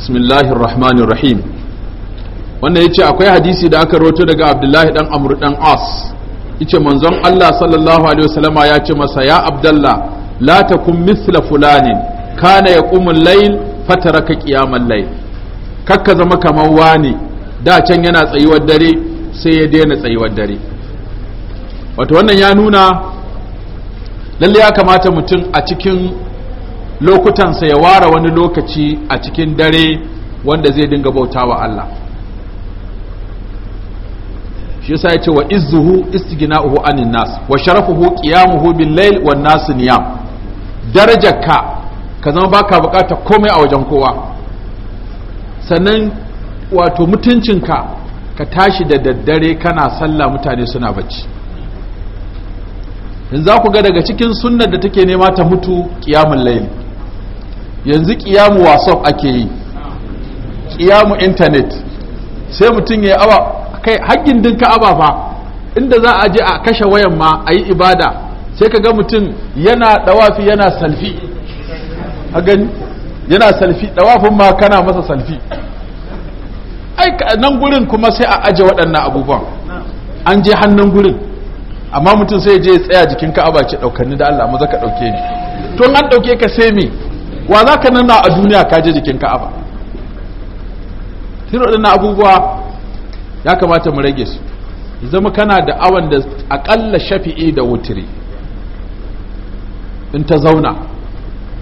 bismillahir rahmanir rahim wannan yace akwai hadisi da aka roto daga abdullahi dan amr dan as yace manzon Allah sallallahu alaihi wasallama ya ce masa ya abdullah la takum mithla fulanin kana yaqumul layl fataraka qiyamal layl kakka zama kamar wani da can yana tsayuwar dare sai ya daina tsayuwar dare wato wannan ya nuna lalle ya kamata mutum a cikin lokutansa ya ware wani lokaci a cikin dare wanda zai dinga bautawa Allah shi yasa yace wa izzuhu istighna'uhu anin nas wa sharafuhu qiyamuhu bil layl wan nas niyam darajarka ka zama baka bukata komai a wajen kowa sannan wato mutuncinka ka tashi da daddare kana sallah mutane suna bacci in za ku ga daga cikin sunnar da take nema ta mutu ƙiyamin laili yanzu kiyamu wasof ake yi kiyamu intanet sai mutum ya yi awa kai haƙƙin din ababa inda za a je a kashe wayan ma a yi ibada sai ka ga mutum yana dawafi yana salfi a gani yana salfi dawafin ma kana masa salfi ai nan gurin kuma sai a aje waɗannan abubuwan an je hannun gurin amma mutum sai je ya tsaya jikin ka'aba ce ɗaukanni da Allah maza ka ɗauke ni to an ɗauke ka sai me wa za ka nana a duniya ka je jikin ka'aba irin na abubuwa ya kamata mu rage su zama kana da awon da aƙalla shafi'i da wutiri in ta zauna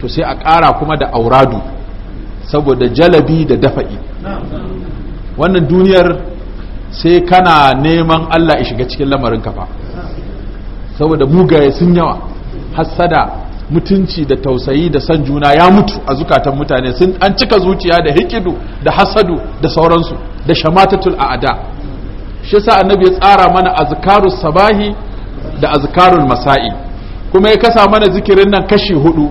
to sai a ƙara kuma da auradu saboda jalabi da dafa'i wannan duniyar sai kana neman Allah ya shiga cikin lamarin kafa saboda mugaye sun yawa hassada mutunci da tausayi da san juna ya mutu a zukatan mutane sun an cika zuciya da hikidu da hasadu da sauransu da shamatatul a'ada shi yasa annabi ya tsara mana azkarus sabahi da azkarul masa'i kuma ya kasa mana zikirin nan kashi hudu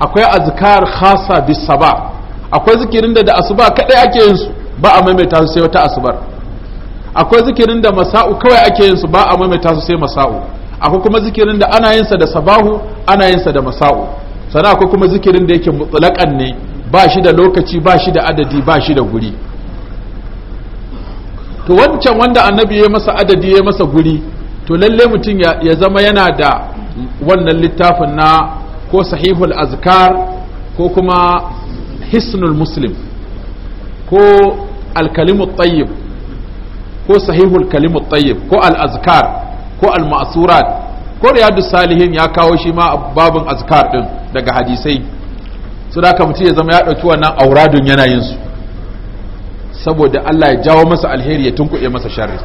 akwai azkar khasa bis sabah akwai zikirin da da asuba kadai ake yin su ba a maimaita su sai wata asubar akwai zikirin da masa'u kawai ake yin su ba a maimaita su sai masa'u akwai kuma zikirin da ana yinsa da sabahu ana yinsa da masa'u sannan akwai kuma zikirin da yake mutsulakan ne ba shi da lokaci ba shi da adadi ba shi da guri to wancan wanda annabi ya masa adadi ya masa guri to lalle mutum ya zama yana da wannan littafin na ko sahihul azkar ko kuma hisnul muslim ko alkalimu tayyib ko sahihul kalimu tayyib ko al-azkar ko al-ma'surat ko riyadu salihin ya kawo shi ma babun azkar din daga hadisai su da mutum ya zama ya ɗauki wannan auradun yana yin su saboda Allah ya jawo masa alheri ya tunkuɗe masa sharri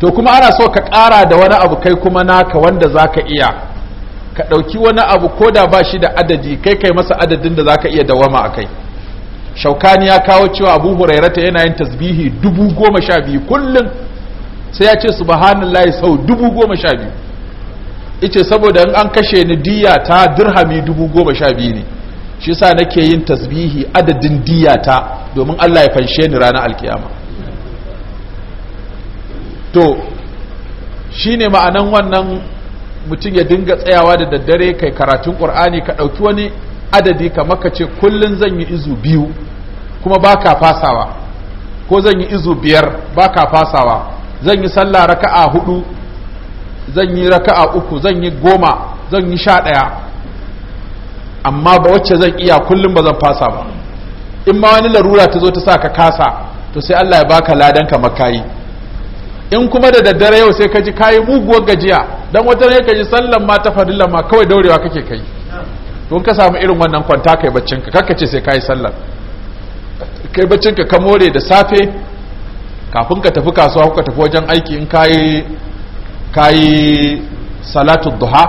to kuma ana so ka ƙara da wani abu kai kuma naka wanda za ka iya ka ɗauki wani abu ko da ba shi da adadi kai kai masa adadin da za ka iya dawama a kai shaukani ya kawo cewa abu hurairata yana yin tasbihi dubu goma sha biyu kullum sai ya ce subhanallahi sau dubu goma sha biyu ice saboda an kashe ni diya ta dirhami dubu goma sha biyu ne shi sa nake yin tasbihi adadin diya ta domin Allah ya fanshe ni ranar alkiyama to shi ne ma'anan wannan mutum ya dinga tsayawa da daddare kai karatun ƙur'ani ka ɗauki wani adadi ka maka ce kullum zan yi izu biyu kuma ba ka fasawa ko zan yi izu biyar ba ka fasawa zan yi sallah raka'a hudu zan yi raka'a uku zan yi goma zan yi sha ɗaya amma ba wacce zan iya kullum ba zan fasa ba in ma wani larura ta zo ta sa ka kasa to sai Allah ya baka ladan ka makayi in kuma da daddare yau sai ka ji kayi muguwar gajiya dan wata ne ka ji sallan ma ta fadilla ma kawai daurewa kake kai to ka samu irin wannan kwanta kai baccin ka sai kayi sallar kai baccin ka ka more da safe kafin ka tafi kasuwa kuka tafi wajen aiki in kayi kayi salatu duha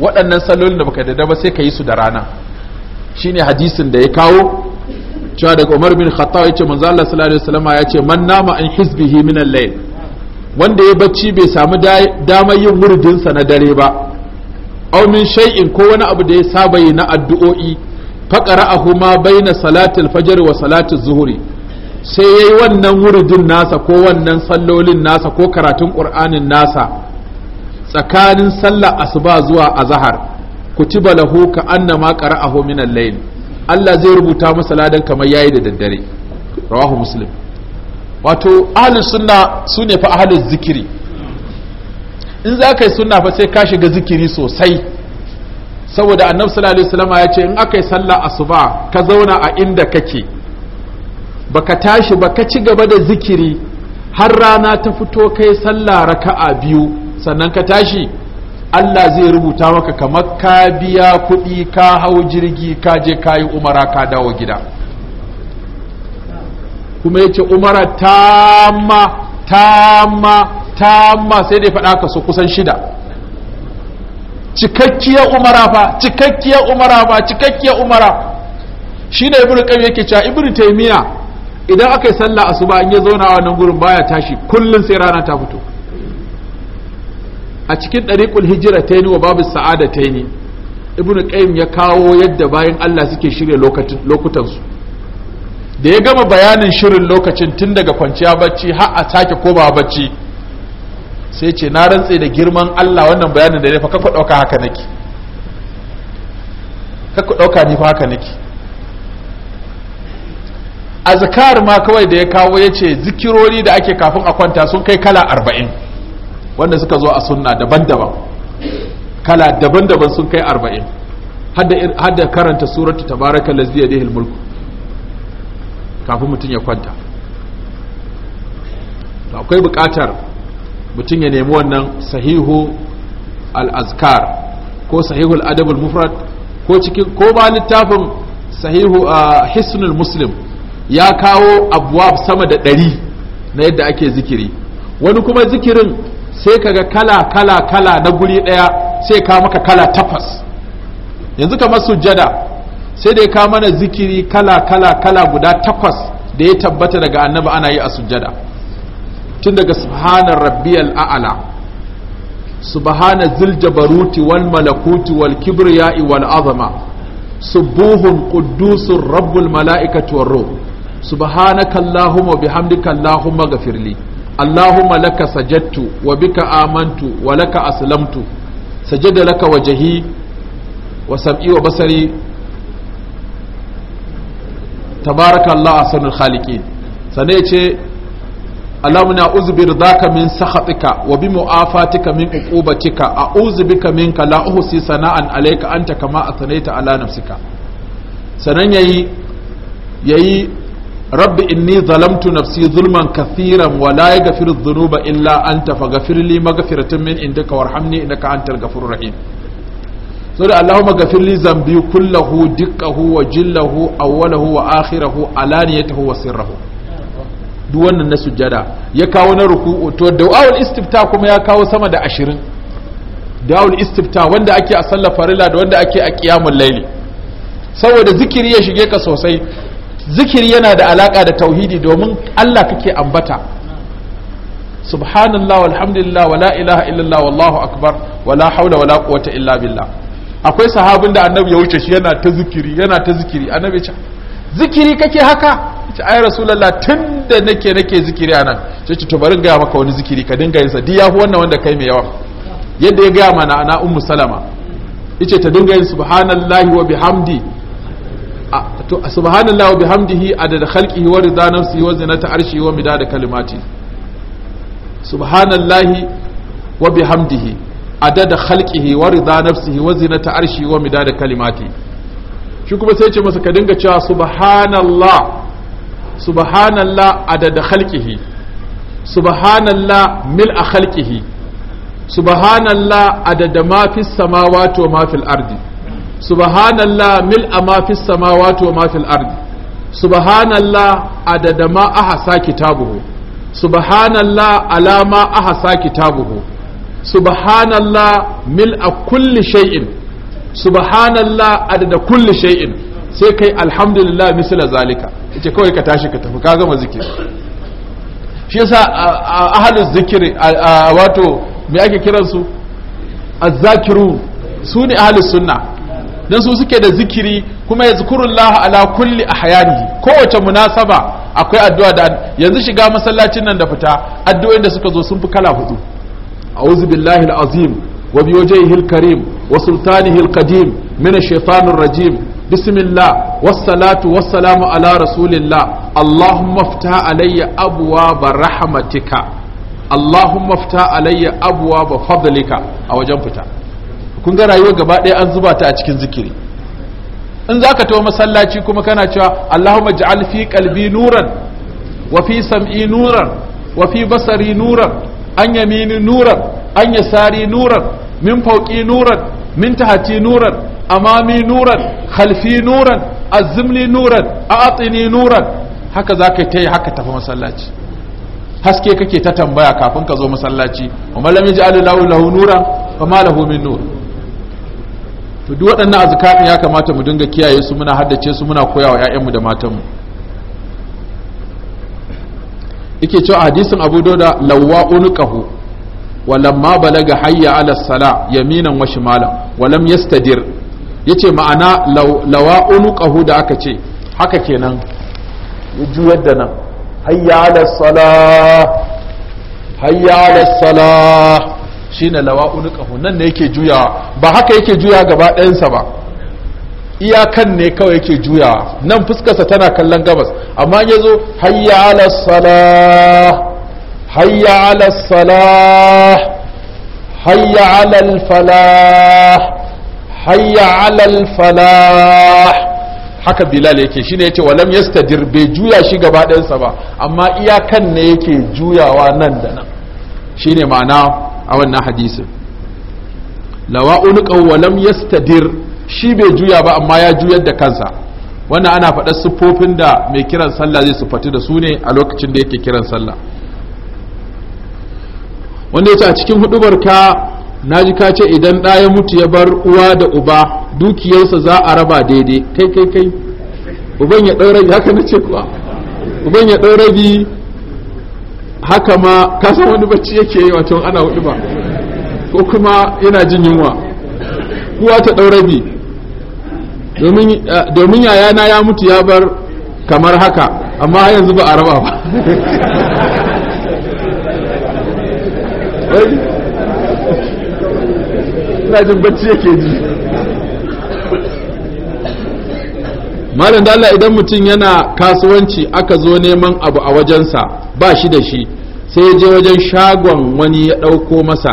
waɗannan salolin da baka dada ba sai ka yi su da rana shine hadisin da ya kawo cewa daga Umar bin Khattab yace manzo Allah sallallahu alaihi wasallam ya man nama an hisbihi min al-layl wanda ya bacci bai samu damar yin murdin sa na dare ba aw min shay'in ko wani abu da ya saba yi na addu'o'i faqara'ahu ma baina salatil fajr wa salatil zuhri sai yayi wannan wuridin nasa ko wannan sallolin nasa ko karatun qur'anin nasa tsakanin sallar asuba zuwa azhar kutiba lahu ka annama qara'ahu min al-layl Allah zai rubuta masa ladan kamar yayi da daddare rawahu muslim wato ahlus sunna sune fa ahlul zikiri in za ka yi sunna fa sai ka shiga zikiri sosai saboda annabi sallallahu alaihi wasallam ya ce in aka yi sallah asuba ka zauna a inda kake baka tashi baka ci gaba da zikiri har rana ta fito kai sallah raka'a biyu sannan ka tashi Allah zai rubuta maka kamar ka biya kuɗi ka hau jirgi ka je ka umara ka dawo gida kuma yace umara tamma tamma tamma sai dai faɗa ka su kusan shida cikakkiyar umara fa cikakkiyar umara fa cikakkiyar umara shi ne qayyim yake cewa ibn taymiya idan aka yi sallah asuba in ya zauna a wannan gurin baya tashi kullum sai rana ta fito a cikin ɗariƙul hijira ta wa babu sa'ada ta yi ibn qayyim ya kawo yadda bayan Allah suke shirya lokutansu da ya gama bayanin shirin lokacin tun daga kwanciya bacci har a sake ba bacci sai ce na rantse da girman Allah wannan bayanin da ne fa kakwa ɗauka haka nake ɗauka ni fa haka nake azkar ma kawai da ya kawo ya ce zikirori da ake kafin a kwanta sun kai kala arba'in wanda suka zo a sunna daban-daban kala daban-daban sun kai arba'in hadda karanta suratu tabaraka lazziya da mulku kafin mutum ya kwanta akwai bukatar mutum ya nemi wannan sahihu al-azkar ko sahihu al adabul al-mufrad ko cikin ko ba littafin sahihu ah, hisnul muslim ya kawo abuwab sama da ɗari na yadda ake zikiri wani kuma zikirin sai kaga kala kala kala na guri ɗaya sai ka maka kala takwas yanzu kamar sujjada sai dai ka mana zikiri kala kala kala guda takwas da ya tabbata daga annabi ana yi a sujjada tun daga subhanar rabbiyal a'ala subhana zil jabaruti wal malakuti wal kibriya'i wal azama subuhun quddusun rabbul mala'ikati war subhanaka allahumma bihamdika allahumma ghafirli allahumma laka sajadtu wa bika amantu wa laka aslamtu sajada laka wajhi wa sab'i wa basari tabaraka allah ahsanul khaliqin sanai ce alamna uzbir dhaka min sakhatika wa bi mu'afatika min uqubatika a'udhu bika minka la uhsi sana'an alayka anta kama rabbi inni zalamtu nafsi zulman kathiran wa la yaghfiru dhunuba illa anta faghfir li maghfiratan min indaka warhamni innaka antal ghafurur rahim so da allahumma ghafir li zambi kullahu dikkahu wa jillahu awwalahu wa akhirahu alaniyatahu wa sirrahu duk wannan na sujada ya kawo na ruku'u to da'awul istifta kuma ya kawo sama da ashirin da'awul istifta wanda ake a sallar farilla da wanda ake a qiyamul layli saboda zikiri ya shige ka sosai zikiri yana da alaka da tauhidi domin Allah kake ambata subhanallah walhamdulillah wala ilaha illallah wallahu akbar wala haula wala quwwata illa billah akwai sahabin da annabi ya wuce shi yana ta zikiri yana ta zikiri annabi ya ce zikiri kake haka ce ai rasulullah tunda nake nake zikiri anan sai ce to bari ga maka wani zikiri ka dinga yin sa diya wannan wanda kai mai yawa yadda ya ga mana ana ummu salama yace ta dinga yin subhanallahi wa bihamdi to subhanallahi wa bihamdihi adada khalqihi wa rida nafsihi wa zinata arshi wa midada kalimati subhanallahi wa bihamdihi adada khalqihi wa rida nafsihi wa zinata arshi wa midada kalimati shi kuma sai ce masa ka dinga cewa subhanallah subhanallah adada khalqihi subhanallah mil'a khalqihi subhanallah adada ma fi samawati wa ma fil ardi subhanallah mil ma fis samawati wa ma fil ardi subhanallah adada ma ahsa kitabuhu subhanallah alama aha ahsa kitabuhu subhanallah mil a kulli shay'in subhanallah adada kulli shay'in sai kai alhamdulillah misila zalika ita kawai ka tashi ka tafi ka gama zikiri shi yasa ahalin zikiri wato me ake kiransu azzakiru su ne ahalin sunna don su suke da zikiri kuma ya zikurullah ala kulli a ahyanihi kowace munasaba akwai addu'a da yanzu shiga masallacin nan da fita addu'o'in da suka zo sun fi kala hudu a'udhu billahi al wa bi wajhihi al-karim wa sultanihi al-qadim min ash-shaytanir rajim bismillah was-salatu was-salamu ala rasulillah allahumma iftah alayya abwaaba rahmatika allahumma iftah alayya abwaaba fadlika a wajen fita kun ga rayuwa gaba ɗaya an zuba ta a cikin zikiri in za ka tawo masallaci kuma kana cewa Allahumma ja'al fi kalbi nuran wa fi sam'i nuran wa fi basari nuran an yamini nuran an yasari nuran min fauki nuran min tahti nuran amami nuran khalfi nuran azimli nuran a'tini nuran haka za ka yi haka tafi masallaci haske kake ta tambaya kafin ka zo masallaci wa malam yaj'al lahu nuran fa ma lahu min nuran. to duk waɗannan azkarin ya kamata mu dinga kiyaye su muna haddace su muna koyawa ƴaƴanmu da matanmu yake cewa hadisin Abu Dawud lawa unqahu wa lamma balaga hayya ala sala yaminan wa shimalan wa lam yastadir yace ma'ana lawa unqahu da aka ce haka kenan ya juyar da nan hayya ala sala hayya ala sala shine lawa'un qahu nan ne yake juyawa ba haka yake juya gaba ɗayansa ba iyakan ne kawai yake juyawa nan fuskarsa tana kallon gabas amma ya zo hayya ala salah hayya ala salah hayya ala falah hayya ala falah haka bilal yake shine yace walam yastadir bai juya shi gaba ɗayansa ba amma iyakan ne yake juyawa nan da nan shine ma'ana a wannan hadisin lawa unuqan wa lam yastadir shi bai juya ba amma ya juyar da kansa wannan ana faɗar siffofin da mai kiran sallah zai su fatu da su ne a lokacin da yake kiran sallah wanda yace a cikin hudubar ka naji ka ce idan ɗa ya mutu ya bar uwa da uba dukiyarsa za a raba daidai kai kai kai uban ya ɗau rabi haka na ce kuwa uban ya ɗau rabi haka ma kasan wani bacci yake yi wato ana hudu ba ko kuma yana jin yunwa kuwa ta ɗaurabi eh, domin yayana ya mutu ya bar kamar haka amma yanzu ba a raba ba ina jin bacci yake ji malam da Allah idan mutum yana kasuwanci aka zo neman abu a wajensa ba shi da shi sai ya je wajen shagon wani ya ɗauko masa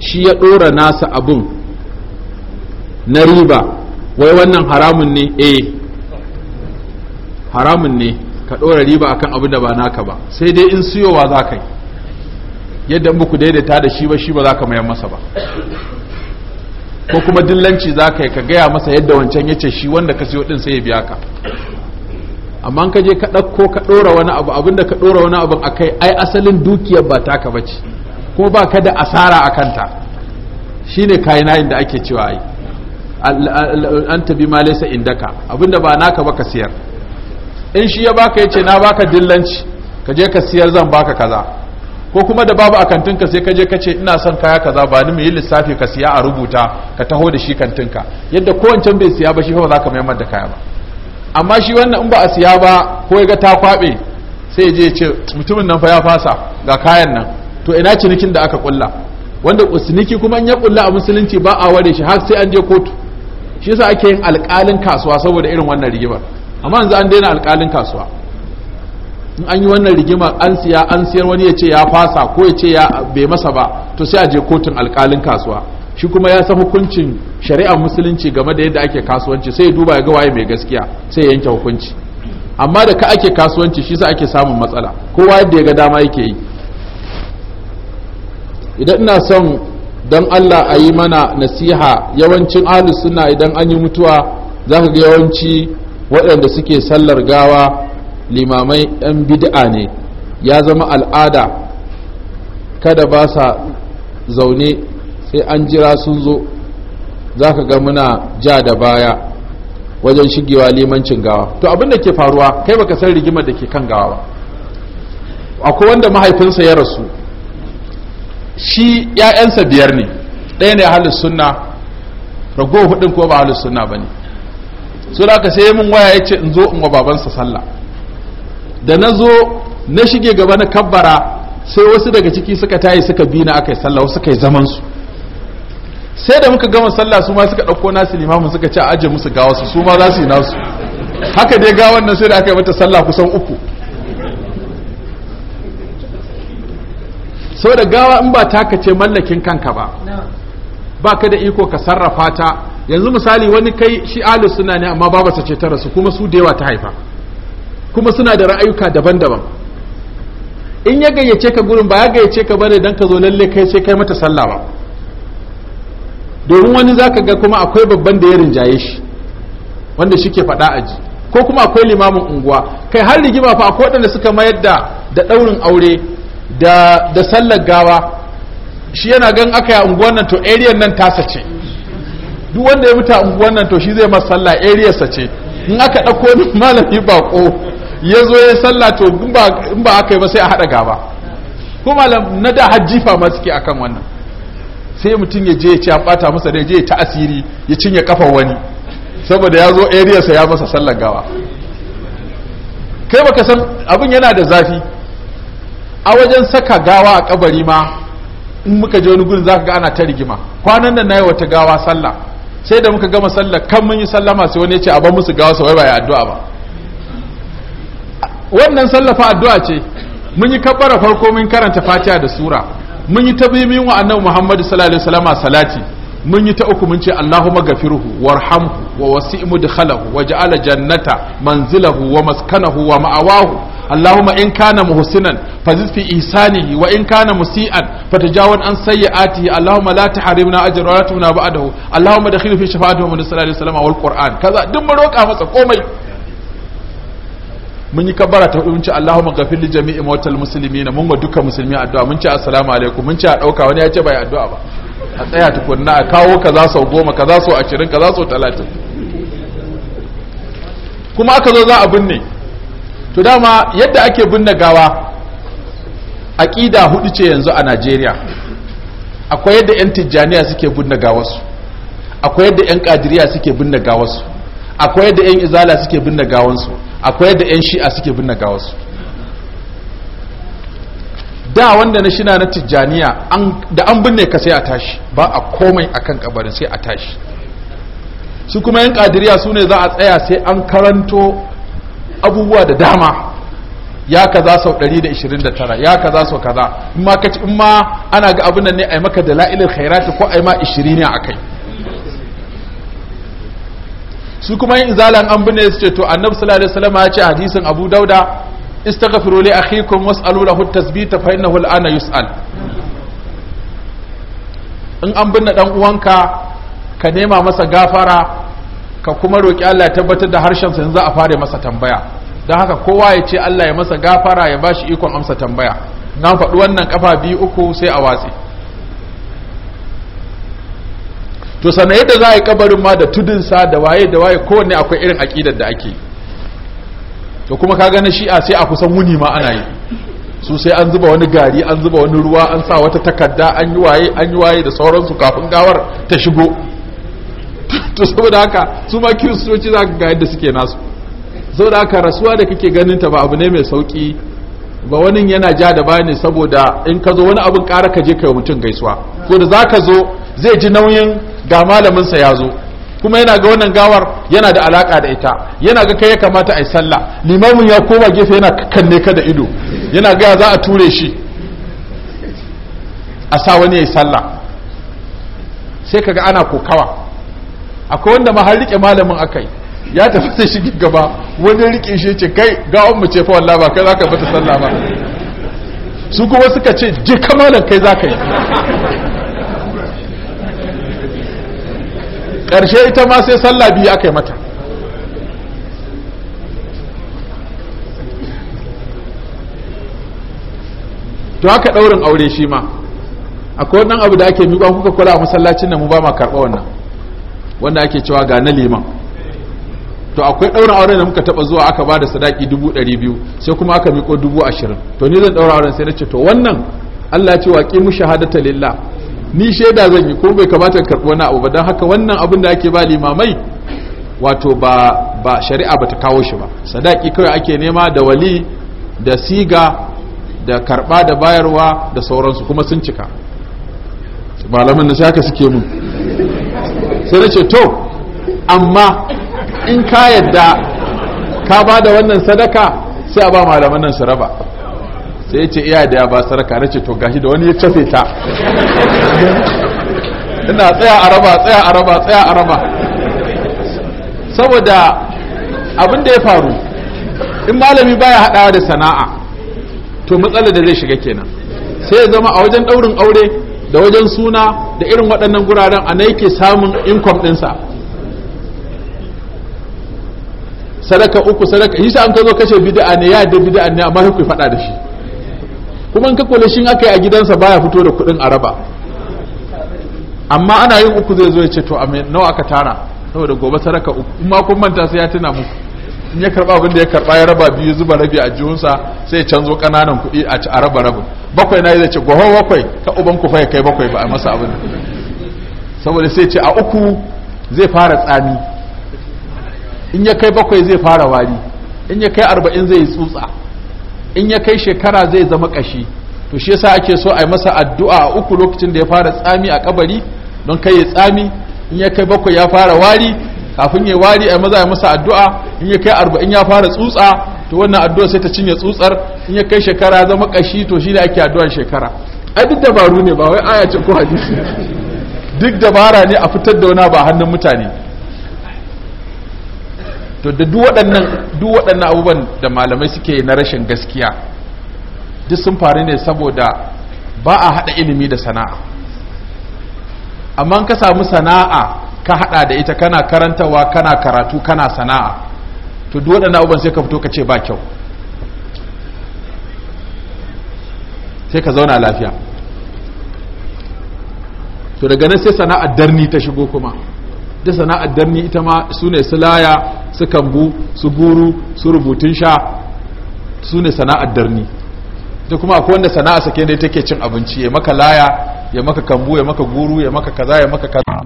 shi ya ɗora nasa abun na riba wai wannan haramun ne eh haramun ne ka ɗora riba akan abin da ba naka ba sai dai in siyowa za ka yi yadda muku daidaita da shi ba shi ba za ka mayan masa ba ko kuma dillanci za ka yi ka gaya masa yadda wancan ya ce shi wanda ka siyo din sai ya biya ka amma ka je ka ɗauko ka ɗora wani abu abinda ka ɗora wani abu a kai ai asalin dukiyar ba taka bace kuma ba ka da asara a kanta Shi ne kayanayin da ake cewa yi. an tabi ma laysa indaka abinda ba naka ba ka siyar in shi ya baka yace na baka dillanci ka je ka siyar zan baka kaza ko kuma da babu a kantinka sai ka je ka ce ina son kaya kaza ba ni mu yi lissafi ka siya a rubuta ka taho da shi kantinka yadda wancan bai siya ba shi ba za ka maimar da kaya ba amma shi wannan in ba a siya ba ko ya ga ta kwabe sai je ce mutumin nan fa ya fasa ga kayan nan to ina cinikin da aka kulla wanda ciniki kuma in ya kulla a musulunci ba a ware shi har sai an je kotu shi yasa ake yin alƙalin kasuwa saboda irin wannan rigimar amma yanzu an daina alƙalin kasuwa in an yi wannan rigima an siya an siyar wani ya ce ya fasa ko ya ce ya bai masa ba to sai a je kotun alkalin kasuwa shi kuma ya san hukuncin shari'ar musulunci game da yadda ake kasuwanci sai ya duba ya ga waye mai gaskiya sai ya yanke hukunci amma da ka ake kasuwanci shi sa ake samun matsala kowa yadda ya ga dama yake yi idan ina son don Allah a yi mana nasiha yawancin ahlus sunna idan an yi mutuwa zaka ga yawanci waɗanda suke sallar gawa limamai 'yan bid'a ne ya zama al'ada kada ba sa zaune sai an jira sun zo za ka ga muna ja da baya wajen shigewa limancin gawa to abin ke faruwa kai baka san rigimar da ke kan gawa ba akwai wanda mahaifinsa ya rasu shi 'ya'yansa biyar ne ɗaya ne halin suna ragowar hudun ko ba halin suna ba ne Suna ka sai min waya ya ce in zo in wa babansa sallah da na zo na shige gaba na kabbara sai wasu daga ciki suka tayi suka bi na aka yi sallah wasu kai zaman su sai da muka gama sallah su ma suka ɗauko nasu limamin suka ce aje musu gawa su su ma za su yi nasu haka dai gawan nan sai da aka yi mata sallah kusan uku sau da gawa in ba taka ce mallakin kanka ba ba ka da iko ka sarrafa ta yanzu misali wani kai shi alu suna ne amma babu ce ta rasu kuma su da yawa ta haifa kuma suna da ra'ayuka daban-daban in ya gayyace ka gurin ba ya gayyace ka bane dan ka zo lalle kai sai kai mata sallah ba domin wani zaka ga kuma akwai babban da ya rinjaye shi wanda shi ke faɗa aji ko kuma akwai limamin unguwa kai har rigima fa akwai wadanda suka mayar da da ɗaurin aure da sallar gawa shi yana gan aka yi unguwan nan to area nan tasa ce duk wanda ya mutu a unguwan nan to shi zai masa sallah area ce in aka ɗauko malami bako ya zo ya sallah to in ba aka yi ba sai a haɗa gaba kuma na da hajjifa ma suke akan wannan sai mutum ya je ya ci an masa da ya je ya ta asiri ya cinye kafa wani saboda ya zo ariyarsa ya masa sallar gawa kai baka san abin yana da zafi a wajen saka gawa a kabari ma in muka je wani gurin zaka ga ana ta rigima kwanan nan nayi wata gawa sallah sai da muka gama sallah kan mun yi sallama sai wani ya ce a ba musu gawa sai bai addu'a ba wannan sallafa addu'a ce mun yi kabbara farko mun karanta fatiha da sura mun yi ta biyu wa annabi Muhammad sallallahu alaihi wasallama salati mun yi ta uku mun ce Allahumma gafiruhu warhamhu wa wasi' mudkhalahu waj'al jannata manzilahu wa maskanahu wa ma'awahu Allahumma in kana muhsinan faziz fi ihsanihi wa in kana musian fatajawaz an sayyi'atihi Allahumma la tahrimna ajra wa la tuhna ba'dahu Allahumma dakhil fi shafa'atihi wa sallallahu alaihi wasallam wal Qur'an kaza duk mu roƙa masa komai mun yi kabara ta mun ce Allahumma ghafir li jami'i mawtal muslimina mun wa duka musulmi addu'a mun ce assalamu alaikum mun ce a dauka wani ya ce bai addu'a ba a tsaya tukunna a kawo kaza sau goma kaza sau ashirin kaza sau talatin kuma aka zo za a binne to dama yadda ake binne gawa aƙida hudu ce yanzu a Najeriya akwai yadda 'yan tijjaniya suke binne gawarsu akwai yadda 'yan kadiriya suke binne gawarsu akwai yadda 'yan izala suke binne gawansu akwai yadda 'yan shi'a suke binne gawarsu da wanda na shina na tijjaniya da an binne ka sai a tashi ba a komai akan kabarin sai a tashi su kuma yan kadiriya su ne za a tsaya sai an karanto abubuwa da dama ya kaza sau 129 ya kaza sau kaza in ma ana ga abin nan ne a maka da la'ilin khairati ko a yi ma 20 ne a kai su kuma yin izalan an binne su ce to annabi sallallahu alaihi wasallam ya ce hadisin abu dauda istaghfiru li akhikum was'alu lahu tasbita fa innahu al'ana yus'al in an binne dan uwanka ka nema masa gafara ka kuma roki Allah ya tabbatar da harshen sa yanzu a fare masa tambaya don haka kowa ya ce Allah ya masa gafara ya bashi ikon amsa tambaya na faɗi wannan kafa biyu uku sai a watsi to sannan da za a yi kabarin ma da tudunsa da waye da waye kowanne akwai irin aƙidar da ake to kuma ka na shi'a sai a kusan wuni ma ana yi su sai an zuba wani gari an zuba wani ruwa an sa wata takarda an yi waye an yi waye da sauransu kafin gawar ta shigo to saboda haka su ma ci za ka ga yadda suke nasu saboda haka rasuwa da kake ganin ta ba abu ne mai sauki ba wani yana ja da bani saboda in ka zo wani abin ƙara ka je ka yi mutum gaisuwa Ko da za ka zo zai ji nauyin ga malaminsa ya zo kuma yana ga wannan gawar yana da alaka da ita yana ga kai ya kamata a yi sallah limamin ya koma gefe yana kanne ka da ido yana ga za a ture shi a sa wani ya yi sallah sai kaga ana kokawa akwai wanda ma har rike malamin akai ya tafi sai shi gaba wani rike shi ce kai ga on mu ce fa wallahi ba kai zaka bata sallah ba su kuma suka ce je kamalan kai zaka yi ƙarshe ita ma sai sallah biyu aka yi mata to haka ɗaurin aure shi ma akwai wannan abu da ake miƙon kuka kula a masallacin da mu ba ma karɓa wannan wanda ake cewa ga na liman to akwai ɗaurin auren da muka taɓa zuwa aka ba da sadaki dubu ɗari biyu sai kuma aka miƙo dubu ashirin to ni zan ɗaura auren sai na ce to wannan allah ce wa ƙi mu shahadata lillah ni shaida zan yi ko bai kamata karɓi wani abu ba don haka wannan abin da ake ba limamai wato ba ba shari'a ba ta kawo shi ba sadaki kawai ake nema da wali da siga da karɓa da bayarwa da sauransu kuma sun cika malamin na shaka suke mun sai na ce to amma in ka yadda ka bada wannan sadaka sai a ba malaman nan su raba sai ya ce iya da ya ba saraka na ce to gashi da wani ya cafe ta ina tsaya a raba tsaya a raba tsaya a raba saboda abin da ya faru in malami baya haɗawa da sana'a to matsalar da zai shiga kenan sai ya zama a wajen ɗaurin aure da wajen suna da irin waɗannan guraren a na yake samun inkom ɗinsa sadaka uku sadaka yi sa an kazo zo kashe bid'a ne ya da bid'a ne amma ku faɗa da shi kuma in ka kula shi aka yi a gidansa baya fito da kuɗin araba amma ana yin uku zai zo ya ce to a nawa aka tara saboda gobe saraka uku in ma kun manta sai ya tuna muku in ya karba abin da ya karba ya raba biyu zuba rabi a jihunsa sai ya canzo kananan kuɗi a ci a raba bakwai na zai ce goho bakwai ka uban ku kai bakwai ba a masa abin saboda sai ce a uku zai fara tsami in ya kai bakwai zai fara wari in ya kai arba'in zai yi tsutsa in ya kai shekara zai zama kashi to shi yasa ake so a yi masa addu'a a uku lokacin da ya fara tsami a kabari don kai ya tsami in ya kai bakwai ya fara wari kafin ya wari a maza ya masa addu'a in ya kai arba'in ya fara tsutsa to wannan addu'a sai ta cinye tsutsar in ya kai shekara ya zama kashi to shi ne ake addu'ar shekara ai duk dabaru ne ba wai aya ce ko hadisi duk dabara ne a fitar da wani ba hannun mutane to da duk waɗannan duk waɗannan abubuwan da malamai suke na rashin gaskiya duk sun faru ne saboda ba a hada ilimi da sana'a amma ka samu sana'a ka hada da ita kana karantawa kana karatu kana sana'a to duk waɗannan abubuwan sai ka fito ka ce ba kyau sai ka zauna lafiya to daga nan sai sana'ar darni ta shigo kuma da sana'ar darni ita ma su ne su su kambu su guru su rubutun sha su ne sana'ar darni ta kuma akwai wanda sana'a sake ne take cin abinci ya maka laya ya maka kambu ya maka guru ya maka kaza ya maka kaza